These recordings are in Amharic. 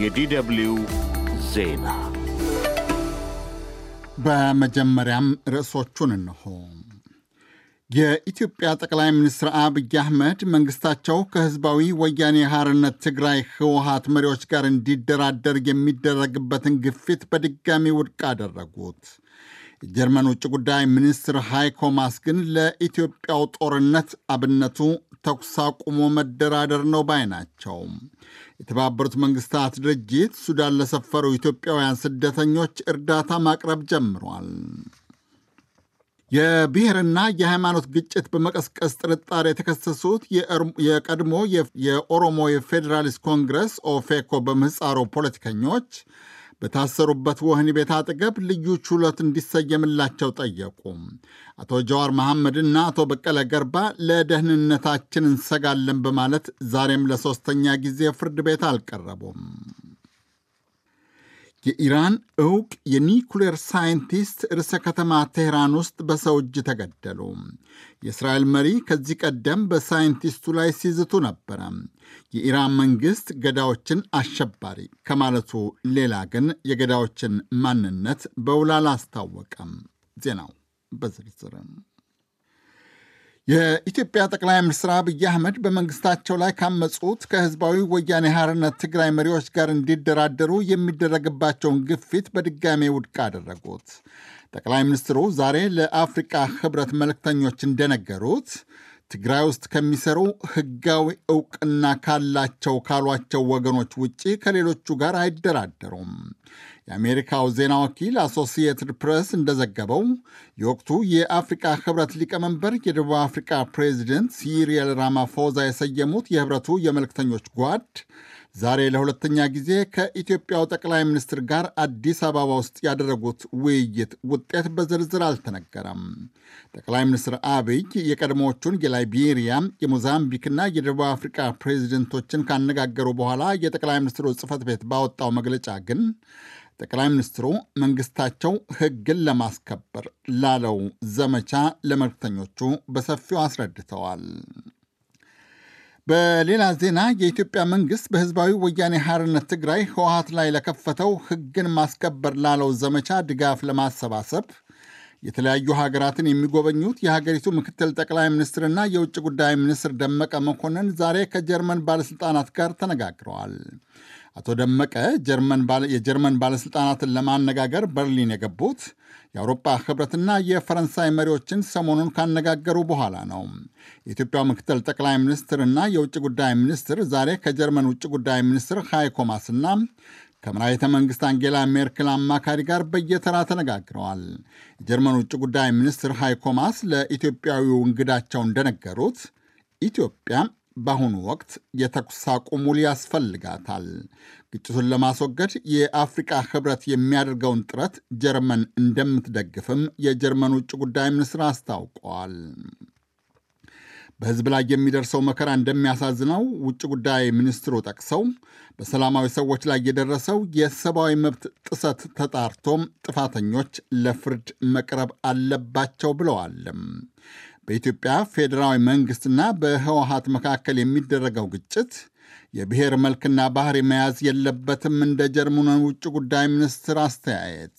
የዲደብልዩ ዜና በመጀመሪያም ርዕሶቹን እንሆ። የኢትዮጵያ ጠቅላይ ሚኒስትር አብይ አህመድ መንግሥታቸው ከሕዝባዊ ወያኔ ሐርነት ትግራይ ህወሀት መሪዎች ጋር እንዲደራደር የሚደረግበትን ግፊት በድጋሚ ውድቅ አደረጉት። የጀርመን ውጭ ጉዳይ ሚኒስትር ሃይኮ ማስ ግን ለኢትዮጵያው ጦርነት አብነቱ ተኩስ አቁሞ መደራደር ነው ባይ ናቸው። የተባበሩት መንግስታት ድርጅት ሱዳን ለሰፈሩ ኢትዮጵያውያን ስደተኞች እርዳታ ማቅረብ ጀምሯል። የብሔርና የሃይማኖት ግጭት በመቀስቀስ ጥርጣሬ የተከሰሱት የቀድሞ የኦሮሞ የፌዴራሊስት ኮንግረስ ኦፌኮ በምህፃሩ ፖለቲከኞች በታሰሩበት ወህኒ ቤት አጠገብ ልዩ ችሎት እንዲሰየምላቸው ጠየቁ። አቶ ጀዋር መሐመድና አቶ በቀለ ገርባ ለደህንነታችን እንሰጋለን በማለት ዛሬም ለሶስተኛ ጊዜ ፍርድ ቤት አልቀረቡም። የኢራን እውቅ የኒኩሌር ሳይንቲስት ርዕሰ ከተማ ቴህራን ውስጥ በሰው እጅ ተገደሉ። የእስራኤል መሪ ከዚህ ቀደም በሳይንቲስቱ ላይ ሲዝቱ ነበረ። የኢራን መንግሥት ገዳዎችን አሸባሪ ከማለቱ ሌላ ግን የገዳዎችን ማንነት በውል አላስታወቀም። ዜናው በዝርዝርም የኢትዮጵያ ጠቅላይ ሚኒስትር አብይ አህመድ በመንግስታቸው ላይ ካመጹት ከህዝባዊ ወያኔ ሐርነት ትግራይ መሪዎች ጋር እንዲደራደሩ የሚደረግባቸውን ግፊት በድጋሜ ውድቅ አደረጉት። ጠቅላይ ሚኒስትሩ ዛሬ ለአፍሪቃ ህብረት መልእክተኞች እንደነገሩት ትግራይ ውስጥ ከሚሰሩ ህጋዊ እውቅና ካላቸው ካሏቸው ወገኖች ውጪ ከሌሎቹ ጋር አይደራደሩም። የአሜሪካው ዜና ወኪል አሶሲየትድ ፕሬስ እንደዘገበው የወቅቱ የአፍሪቃ ህብረት ሊቀመንበር የደቡብ አፍሪካ ፕሬዚደንት ሲሪየል ራማፎዛ የሰየሙት የህብረቱ የመልክተኞች ጓድ ዛሬ ለሁለተኛ ጊዜ ከኢትዮጵያው ጠቅላይ ሚኒስትር ጋር አዲስ አበባ ውስጥ ያደረጉት ውይይት ውጤት በዝርዝር አልተነገረም። ጠቅላይ ሚኒስትር አብይ የቀድሞዎቹን የላይቤሪያ፣ የሞዛምቢክና የደቡብ አፍሪካ ፕሬዚደንቶችን ካነጋገሩ በኋላ የጠቅላይ ሚኒስትሩ ጽህፈት ቤት ባወጣው መግለጫ ግን ጠቅላይ ሚኒስትሩ መንግስታቸው ህግን ለማስከበር ላለው ዘመቻ ለመልክተኞቹ በሰፊው አስረድተዋል። በሌላ ዜና የኢትዮጵያ መንግስት በህዝባዊ ወያኔ ሐርነት ትግራይ ህወሀት ላይ ለከፈተው ህግን ማስከበር ላለው ዘመቻ ድጋፍ ለማሰባሰብ የተለያዩ ሀገራትን የሚጎበኙት የሀገሪቱ ምክትል ጠቅላይ ሚኒስትርና የውጭ ጉዳይ ሚኒስትር ደመቀ መኮንን ዛሬ ከጀርመን ባለሥልጣናት ጋር ተነጋግረዋል። አቶ ደመቀ የጀርመን ባለሥልጣናትን ለማነጋገር በርሊን የገቡት የአውሮፓ ህብረትና የፈረንሳይ መሪዎችን ሰሞኑን ካነጋገሩ በኋላ ነው። የኢትዮጵያው ምክትል ጠቅላይ ሚኒስትርና የውጭ ጉዳይ ሚኒስትር ዛሬ ከጀርመን ውጭ ጉዳይ ሚኒስትር ሃይኮ ማስና ከመራሒተ መንግስት አንጌላ ሜርክል አማካሪ ጋር በየተራ ተነጋግረዋል። የጀርመን ውጭ ጉዳይ ሚኒስትር ሃይኮ ማስ ለኢትዮጵያዊው እንግዳቸው እንደነገሩት ኢትዮጵያ በአሁኑ ወቅት የተኩስ አቁሙ ያስፈልጋታል። ግጭቱን ለማስወገድ የአፍሪቃ ህብረት የሚያደርገውን ጥረት ጀርመን እንደምትደግፍም የጀርመን ውጭ ጉዳይ ሚኒስትር አስታውቀዋል። በህዝብ ላይ የሚደርሰው መከራ እንደሚያሳዝነው ውጭ ጉዳይ ሚኒስትሩ ጠቅሰው በሰላማዊ ሰዎች ላይ የደረሰው የሰብአዊ መብት ጥሰት ተጣርቶም ጥፋተኞች ለፍርድ መቅረብ አለባቸው ብለዋል። በኢትዮጵያ ፌዴራዊ መንግስትና በህወሀት መካከል የሚደረገው ግጭት የብሔር መልክና ባህሪ መያዝ የለበትም፣ እንደ ጀርመኑ ውጭ ጉዳይ ሚኒስትር አስተያየት።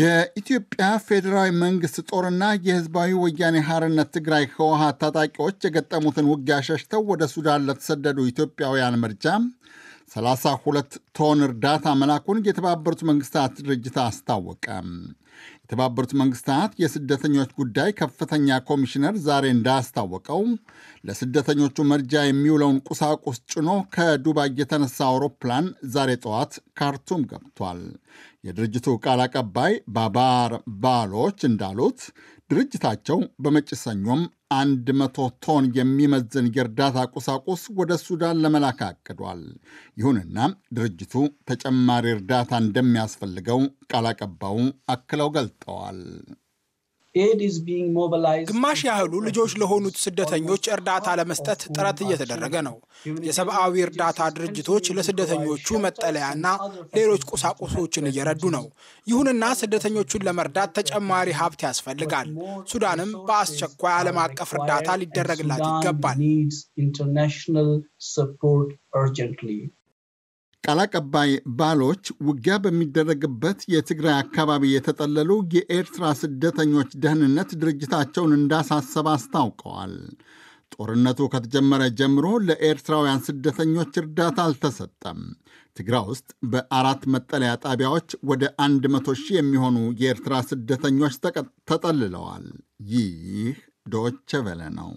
የኢትዮጵያ ፌዴራዊ መንግስት ጦርና የህዝባዊ ወያኔ ሐርነት ትግራይ ህወሀት ታጣቂዎች የገጠሙትን ውጊያ ሸሽተው ወደ ሱዳን ለተሰደዱ ኢትዮጵያውያን መርጃ 32 ቶን እርዳታ መላኩን የተባበሩት መንግስታት ድርጅት አስታወቀ። የተባበሩት መንግስታት የስደተኞች ጉዳይ ከፍተኛ ኮሚሽነር ዛሬ እንዳስታወቀው ለስደተኞቹ መርጃ የሚውለውን ቁሳቁስ ጭኖ ከዱባይ የተነሳ አውሮፕላን ዛሬ ጠዋት ካርቱም ገብቷል። የድርጅቱ ቃል አቀባይ ባባር ባሎች እንዳሉት ድርጅታቸው በመጪው ሰኞም 100 ቶን የሚመዝን የእርዳታ ቁሳቁስ ወደ ሱዳን ለመላክ አቅዷል። ይሁንና ድርጅቱ ተጨማሪ እርዳታ እንደሚያስፈልገው ቃል አቀባዩ አክለው ገልጠዋል። ግማሽ ያህሉ ልጆች ለሆኑት ስደተኞች እርዳታ ለመስጠት ጥረት እየተደረገ ነው። የሰብአዊ እርዳታ ድርጅቶች ለስደተኞቹ መጠለያና ሌሎች ቁሳቁሶችን እየረዱ ነው። ይሁንና ስደተኞቹን ለመርዳት ተጨማሪ ሀብት ያስፈልጋል። ሱዳንም በአስቸኳይ ዓለም አቀፍ እርዳታ ሊደረግላት ይገባል። ቃል አቀባይ ባሎች ውጊያ በሚደረግበት የትግራይ አካባቢ የተጠለሉ የኤርትራ ስደተኞች ደህንነት ድርጅታቸውን እንዳሳሰበ አስታውቀዋል። ጦርነቱ ከተጀመረ ጀምሮ ለኤርትራውያን ስደተኞች እርዳታ አልተሰጠም። ትግራይ ውስጥ በአራት መጠለያ ጣቢያዎች ወደ 100 ሺህ የሚሆኑ የኤርትራ ስደተኞች ተጠልለዋል። ይህ ዶቸ ነው።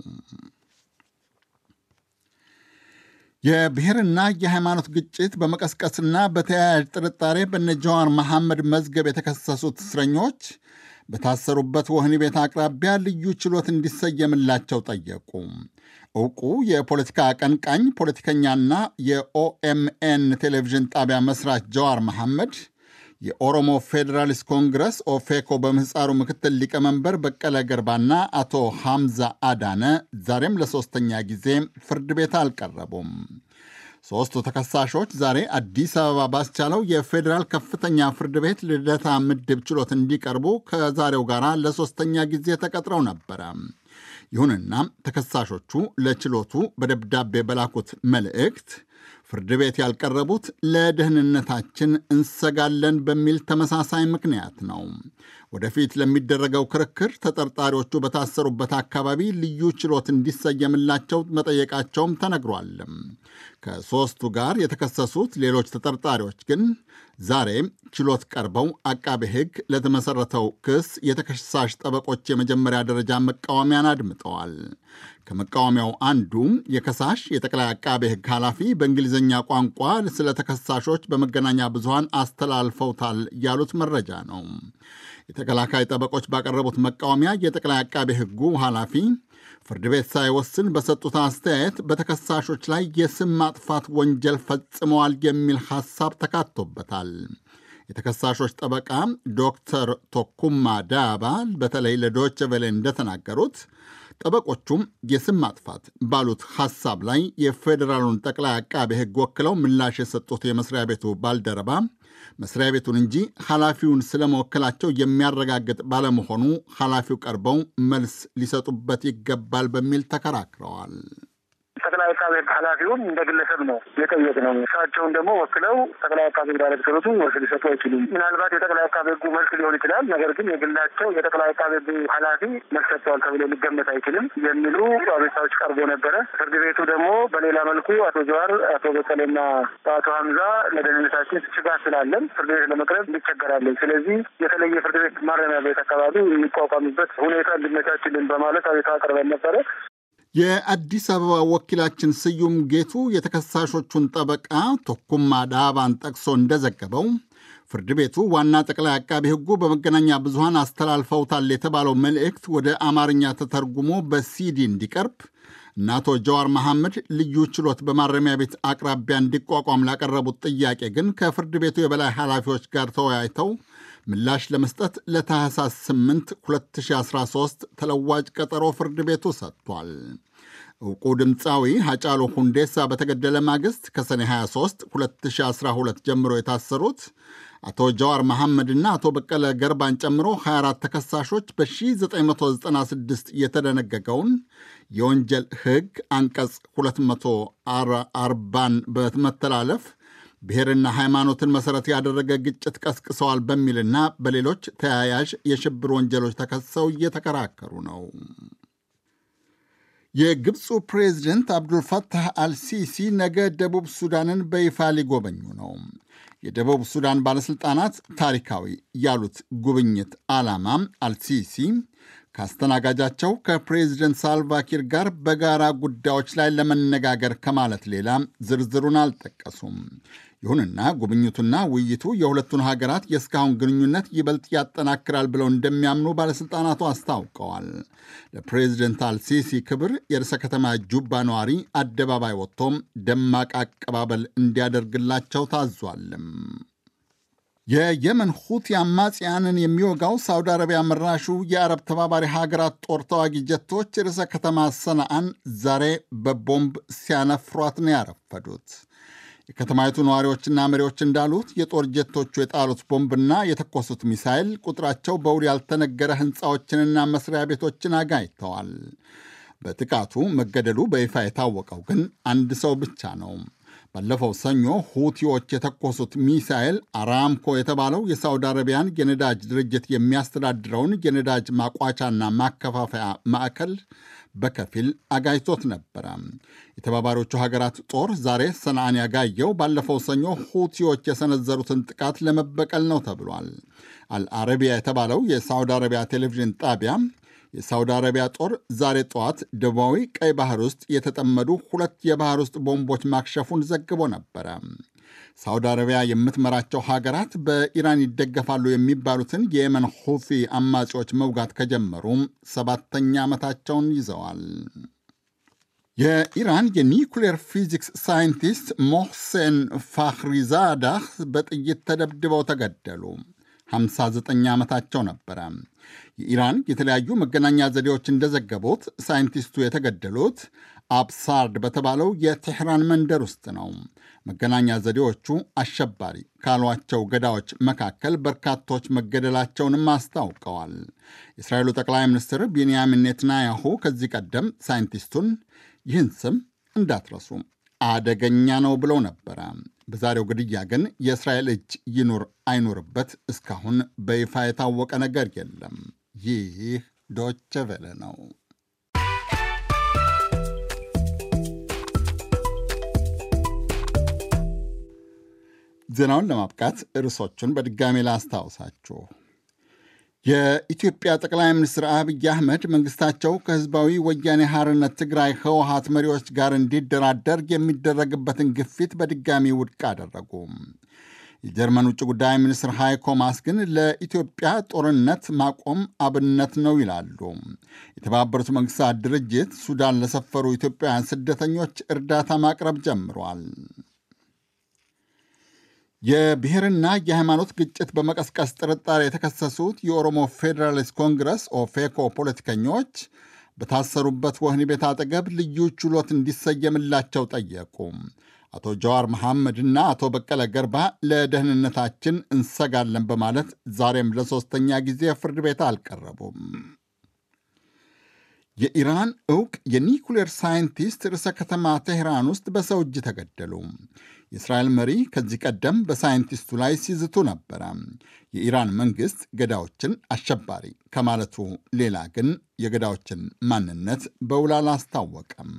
የብሔርና የሃይማኖት ግጭት በመቀስቀስና በተያያዥ ጥርጣሬ በነ ጀዋር መሐመድ መዝገብ የተከሰሱት እስረኞች በታሰሩበት ወህኒ ቤት አቅራቢያ ልዩ ችሎት እንዲሰየምላቸው ጠየቁ። እውቁ የፖለቲካ አቀንቃኝ ፖለቲከኛና የኦኤምኤን ቴሌቪዥን ጣቢያ መስራች ጀዋር መሐመድ የኦሮሞ ፌዴራሊስት ኮንግረስ ኦፌኮ በምህፃሩ ምክትል ሊቀመንበር በቀለ ገርባና አቶ ሐምዛ አዳነ ዛሬም ለሶስተኛ ጊዜ ፍርድ ቤት አልቀረቡም። ሦስቱ ተከሳሾች ዛሬ አዲስ አበባ ባስቻለው የፌዴራል ከፍተኛ ፍርድ ቤት ልደታ ምድብ ችሎት እንዲቀርቡ ከዛሬው ጋር ለሶስተኛ ጊዜ ተቀጥረው ነበረ። ይሁንና ተከሳሾቹ ለችሎቱ በደብዳቤ በላኩት መልእክት ፍርድ ቤት ያልቀረቡት ለደህንነታችን እንሰጋለን በሚል ተመሳሳይ ምክንያት ነው። ወደፊት ለሚደረገው ክርክር ተጠርጣሪዎቹ በታሰሩበት አካባቢ ልዩ ችሎት እንዲሰየምላቸው መጠየቃቸውም ተነግሯል። ከሦስቱ ጋር የተከሰሱት ሌሎች ተጠርጣሪዎች ግን ዛሬ ችሎት ቀርበው አቃቤ ሕግ ለተመሠረተው ክስ የተከሳሽ ጠበቆች የመጀመሪያ ደረጃ መቃወሚያን አድምጠዋል። ከመቃወሚያው አንዱ የከሳሽ የጠቅላይ አቃቤ ሕግ ኃላፊ በእንግሊዝኛ ቋንቋ ስለ ተከሳሾች በመገናኛ ብዙሃን አስተላልፈውታል ያሉት መረጃ ነው። የተከላካይ ጠበቆች ባቀረቡት መቃወሚያ የጠቅላይ አቃቤ ሕጉ ኃላፊ ፍርድ ቤት ሳይወስን በሰጡት አስተያየት በተከሳሾች ላይ የስም ማጥፋት ወንጀል ፈጽመዋል የሚል ሐሳብ ተካቶበታል። የተከሳሾች ጠበቃ ዶክተር ቶኩማ ዳባ በተለይ ለዶች ቬሌ እንደተናገሩት ጠበቆቹም የስም ማጥፋት ባሉት ሐሳብ ላይ የፌዴራሉን ጠቅላይ አቃቤ ሕግ ወክለው ምላሽ የሰጡት የመስሪያ ቤቱ ባልደረባ መስሪያ ቤቱን እንጂ ኃላፊውን ስለመወከላቸው የሚያረጋግጥ ባለመሆኑ ኃላፊው ቀርበው መልስ ሊሰጡበት ይገባል በሚል ተከራክረዋል። አቃቤ ሕግ ኃላፊውን እንደ ግለሰብ ነው ነው። እሳቸውን ደግሞ ወክለው ጠቅላይ አቃቤ ዳረት ክሎቱ መልስ ሊሰጡ አይችሉም። ምናልባት የጠቅላይ አቃቤ ሕጉ መልስ ሊሆን ይችላል። ነገር ግን የግላቸው የጠቅላይ አቃቤ ሕጉ ኃላፊ መልስ ሰጥተዋል ተብሎ ሊገመት አይችልም የሚሉ አቤታዎች ቀርቦ ነበረ። ፍርድ ቤቱ ደግሞ በሌላ መልኩ አቶ ጀዋር፣ አቶ በቀሌና አቶ ሀምዛ ለደህንነታችን ስጋት ስላለን ፍርድ ቤት ለመቅረብ እንቸገራለን። ስለዚህ የተለየ ፍርድ ቤት ማረሚያ ቤት አካባቢ የሚቋቋምበት ሁኔታ እንዲመቻችልን በማለት አቤታ አቅርበን ነበረ። የአዲስ አበባ ወኪላችን ስዩም ጌቱ የተከሳሾቹን ጠበቃ ቶኩማ ዳባን ጠቅሶ እንደዘገበው ፍርድ ቤቱ ዋና ጠቅላይ አቃቢ ሕጉ በመገናኛ ብዙሃን አስተላልፈውታል የተባለው መልእክት ወደ አማርኛ ተተርጉሞ በሲዲ እንዲቀርብ እና አቶ ጀዋር መሐመድ ልዩ ችሎት በማረሚያ ቤት አቅራቢያ እንዲቋቋም ላቀረቡት ጥያቄ ግን ከፍርድ ቤቱ የበላይ ኃላፊዎች ጋር ተወያይተው ምላሽ ለመስጠት ለታህሳስ 8 2013 ተለዋጭ ቀጠሮ ፍርድ ቤቱ ሰጥቷል። እውቁ ድምፃዊ ሀጫሎ ሁንዴሳ በተገደለ ማግስት ከሰኔ 23 2012 ጀምሮ የታሰሩት አቶ ጀዋር መሐመድና አቶ በቀለ ገርባን ጨምሮ 24 ተከሳሾች በ1996 የተደነገገውን የወንጀል ሕግ አንቀጽ 240ን በመተላለፍ ብሔርና ሃይማኖትን መሰረት ያደረገ ግጭት ቀስቅሰዋል በሚልና በሌሎች ተያያዥ የሽብር ወንጀሎች ተከሰው እየተከራከሩ ነው። የግብፁ ፕሬዚደንት አብዱልፈታህ አልሲሲ ነገ ደቡብ ሱዳንን በይፋ ሊጎበኙ ነው። የደቡብ ሱዳን ባለሥልጣናት ታሪካዊ ያሉት ጉብኝት ዓላማ አልሲሲ ከአስተናጋጃቸው ከፕሬዚደንት ሳልቫኪር ጋር በጋራ ጉዳዮች ላይ ለመነጋገር ከማለት ሌላ ዝርዝሩን አልጠቀሱም። ይሁንና ጉብኝቱና ውይይቱ የሁለቱን ሀገራት የእስካሁን ግንኙነት ይበልጥ ያጠናክራል ብለው እንደሚያምኑ ባለሥልጣናቱ አስታውቀዋል። ለፕሬዚደንት አልሲሲ ክብር የርዕሰ ከተማ ጁባ ነዋሪ አደባባይ ወጥቶም ደማቅ አቀባበል እንዲያደርግላቸው ታዟልም። የየመን ሁቲ አማጽያንን የሚወጋው ሳውዲ አረቢያ መራሹ የአረብ ተባባሪ ሀገራት ጦር ተዋጊ ጀቶች ርዕሰ ከተማ ሰነአን ዛሬ በቦምብ ሲያነፍሯት ነው ያረፈዱት። የከተማይቱ ነዋሪዎችና መሪዎች እንዳሉት የጦር ጀቶቹ የጣሉት ቦምብና የተኮሱት ሚሳይል ቁጥራቸው በውል ያልተነገረ ሕንፃዎችንና መስሪያ ቤቶችን አጋይተዋል። በጥቃቱ መገደሉ በይፋ የታወቀው ግን አንድ ሰው ብቻ ነው። ባለፈው ሰኞ ሁቲዎች የተኮሱት ሚሳኤል አራምኮ የተባለው የሳውዲ አረቢያን የነዳጅ ድርጅት የሚያስተዳድረውን የነዳጅ ማቋጫና ማከፋፈያ ማዕከል በከፊል አጋይቶት ነበረ። የተባባሪዎቹ ሀገራት ጦር ዛሬ ሰንዓን ያጋየው ባለፈው ሰኞ ሁቲዎች የሰነዘሩትን ጥቃት ለመበቀል ነው ተብሏል። አልአረቢያ የተባለው የሳውዲ አረቢያ ቴሌቪዥን ጣቢያ የሳውዲ አረቢያ ጦር ዛሬ ጠዋት ደቡባዊ ቀይ ባህር ውስጥ የተጠመዱ ሁለት የባህር ውስጥ ቦምቦች ማክሸፉን ዘግቦ ነበረ። ሳውዲ አረቢያ የምትመራቸው ሀገራት በኢራን ይደገፋሉ የሚባሉትን የየመን ሁፊ አማጺዎች መውጋት ከጀመሩም ሰባተኛ ዓመታቸውን ይዘዋል። የኢራን የኒውክሌር ፊዚክስ ሳይንቲስት ሞህሴን ፋህሪዛዳህ በጥይት ተደብድበው ተገደሉ። 59 ዓመታቸው ነበረ። የኢራን የተለያዩ መገናኛ ዘዴዎች እንደዘገቡት ሳይንቲስቱ የተገደሉት አብሳርድ በተባለው የቴህራን መንደር ውስጥ ነው። መገናኛ ዘዴዎቹ አሸባሪ ካሏቸው ገዳዎች መካከል በርካቶች መገደላቸውንም አስታውቀዋል። የእስራኤሉ ጠቅላይ ሚኒስትር ቢንያሚን ኔትናያሁ ከዚህ ቀደም ሳይንቲስቱን ይህን ስም እንዳትረሱ አደገኛ ነው ብለው ነበረ። በዛሬው ግድያ ግን የእስራኤል እጅ ይኑር አይኑርበት እስካሁን በይፋ የታወቀ ነገር የለም። ይህ ዶቸ ቬለ ነው። ዜናውን ለማብቃት ርዕሶቹን በድጋሜ ላስታውሳችሁ። የኢትዮጵያ ጠቅላይ ሚኒስትር አብይ አህመድ መንግስታቸው ከህዝባዊ ወያኔ ሐርነት ትግራይ ህወሀት መሪዎች ጋር እንዲደራደር የሚደረግበትን ግፊት በድጋሚ ውድቅ አደረጉ። የጀርመን ውጭ ጉዳይ ሚኒስትር ሃይኮ ማስ ግን ለኢትዮጵያ ጦርነት ማቆም አብነት ነው ይላሉ። የተባበሩት መንግስታት ድርጅት ሱዳን ለሰፈሩ ኢትዮጵያውያን ስደተኞች እርዳታ ማቅረብ ጀምሯል። የብሔርና የሃይማኖት ግጭት በመቀስቀስ ጥርጣሬ የተከሰሱት የኦሮሞ ፌዴራሊስት ኮንግረስ ኦፌኮ ፖለቲከኞች በታሰሩበት ወህኒ ቤት አጠገብ ልዩ ችሎት እንዲሰየምላቸው ጠየቁ። አቶ ጀዋር መሐመድና አቶ በቀለ ገርባ ለደህንነታችን እንሰጋለን በማለት ዛሬም ለሦስተኛ ጊዜ ፍርድ ቤት አልቀረቡም። የኢራን ዕውቅ የኒኩሌር ሳይንቲስት ርዕሰ ከተማ ቴህራን ውስጥ በሰው እጅ ተገደሉ። የእስራኤል መሪ ከዚህ ቀደም በሳይንቲስቱ ላይ ሲዝቱ ነበረ። የኢራን መንግስት ገዳዎችን አሸባሪ ከማለቱ ሌላ ግን የገዳዎችን ማንነት በውል አላስታወቀም።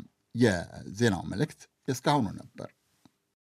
የዜናው መልእክት የእስካሁኑ ነበር።